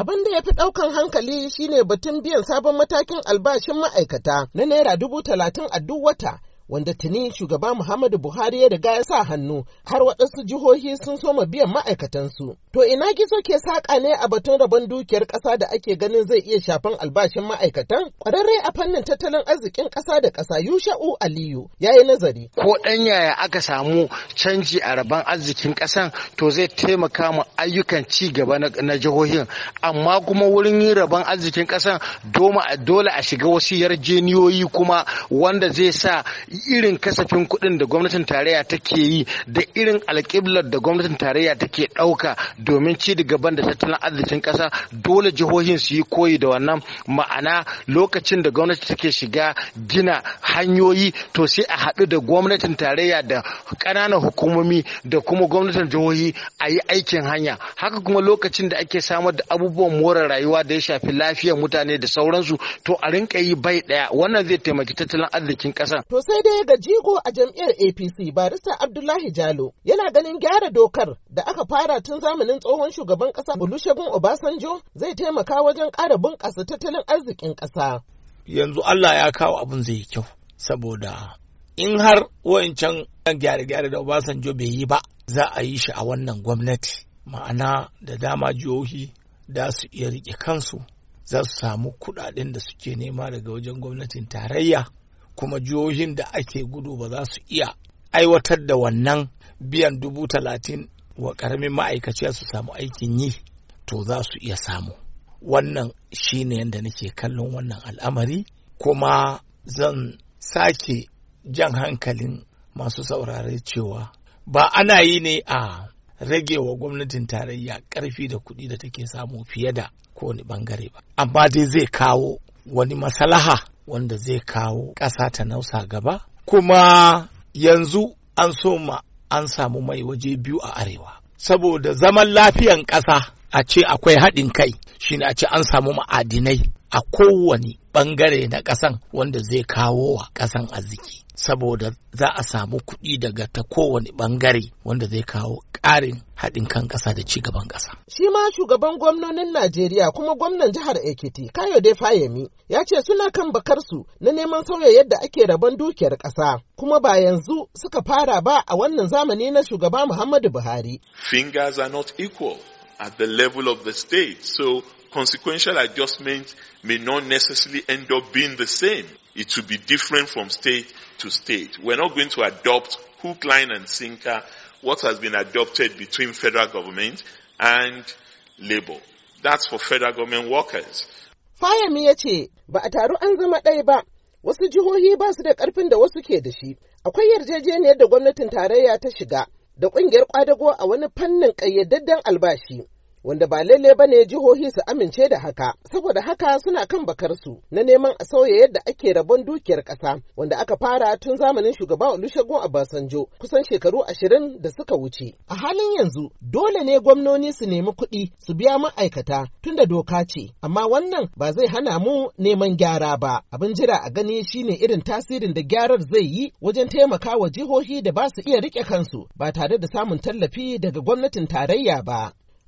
Abin da ya fi ɗaukan hankali shine batun biyan sabon matakin albashin ma'aikata na Naira dubu talatin a duk wata. Wanda tuni shugaba Muhammadu Buhari ya riga ya sa hannu har waɗansu jihohi sun soma biyan ma'aikatansu. To ina gizo ke saƙa ne a batun rabon dukiyar ƙasa da ake ganin zai iya shafan albashin ma'aikatan? Ƙwararre a fannin tattalin arzikin ƙasa da ƙasa Yusha'u Aliyu ya yi nazari. Ko ɗan yaya aka samu canji a rabon arzikin ƙasan to zai taimaka mu ayyukan ci gaba na jihohin. Amma kuma wurin yin rabon arzikin ƙasan dole a shiga wasu yarjeniyoyi kuma wanda zai sa irin kasafin kuɗin da gwamnatin tarayya take yi da irin alƙiblar da gwamnatin tarayya take ɗauka domin ci da gaban da tattalin arzikin ƙasa dole jihohin su yi koyi da wannan ma'ana lokacin da gwamnati take shiga gina hanyoyi to sai a haɗu da gwamnatin tarayya da ƙananan hukumomi da kuma gwamnatin jihohi a yi aikin hanya haka kuma lokacin da ake samar da abubuwan more rayuwa da ya shafi lafiyar mutane da sauransu to a rinka yi bai ɗaya wannan zai taimaki tattalin arzikin ƙasa. to sai dai ga jigo a jam'iyyar apc barista abdullahi jalo yana ganin gyara dokar da aka fara tun zamanin tsohon shugaban ƙasa Olusegun Obasanjo zai taimaka wajen ƙara bunƙasa tattalin arzikin ƙasa. Yanzu Allah ya kawo abin zai kyau saboda in har wancan gyare-gyare da Obasanjo bai yi ba za a yi shi a wannan gwamnati ma'ana da dama jihohi da su iya riƙe kansu za su samu kuɗaɗen da suke nema daga wajen gwamnatin tarayya kuma jihohin da ake gudu ba za su iya aiwatar da wannan biyan dubu talatin wa karamin ma'aikaciya su samu aikin yi to za su iya samu wannan shine yadda nake kallon wannan al'amari kuma zan sake jan hankalin masu saurare cewa ba ana yi ne a rage wa gwamnatin tarayya ƙarfi da kuɗi da take samu fiye da kowane ɓangare ba amma dai zai kawo wani masalaha wanda zai kawo ƙasa ta nausa gaba kuma yanzu an so ma. an samu mai waje biyu a arewa saboda zaman lafiyan ƙasa a ce akwai haɗin kai Shin a ce an samu ma'adinai a kowane ɓangare na ƙasan wanda zai kawo wa ƙasan arziki saboda za a samu kuɗi daga ta kowane ɓangare wanda zai kawo ƙarin haɗin kan ƙasa da cigaban ƙasa. Shi ma shugaban gwamnonin Najeriya kuma gwamnan jihar Ekiti Kayode Fayemi ya ce suna kan bakarsu na neman sauya yadda ake rabon dukiyar ƙasa kuma ba yanzu suka fara ba a wannan zamani na shugaba Muhammadu Buhari. Fingers are not equal at the level of the state so consequential adjustment may not necessarily end up being the same. It will be different from state to state. We're not going to adopt hook, line and sinker what has been adopted between federal government and labor. That's for federal government workers. Fayami ya ce ba a taru an zama ɗaya ba, wasu jihohi ba su da ƙarfin da wasu ke da shi. Akwai yarjejeniyar da gwamnatin tarayya ta shiga da ƙungiyar ƙwadago a wani fannin ƙayyadadden albashi. wanda ba lalle bane jihohi su amince da haka saboda haka suna kan bakarsu na neman a sauya yadda ake rabon dukiyar ƙasa wanda aka fara tun zamanin shugaba Olusegun Obasanjo kusan shekaru ashirin da suka wuce a halin yanzu dole ne gwamnoni su nemi kuɗi su biya ma'aikata tunda doka ce amma wannan ba zai hana mu neman gyara ba abin jira a gani shine irin tasirin da gyarar zai yi wajen taimaka wa jihohi da ba su iya rike kansu ba tare da samun tallafi daga gwamnatin tarayya ba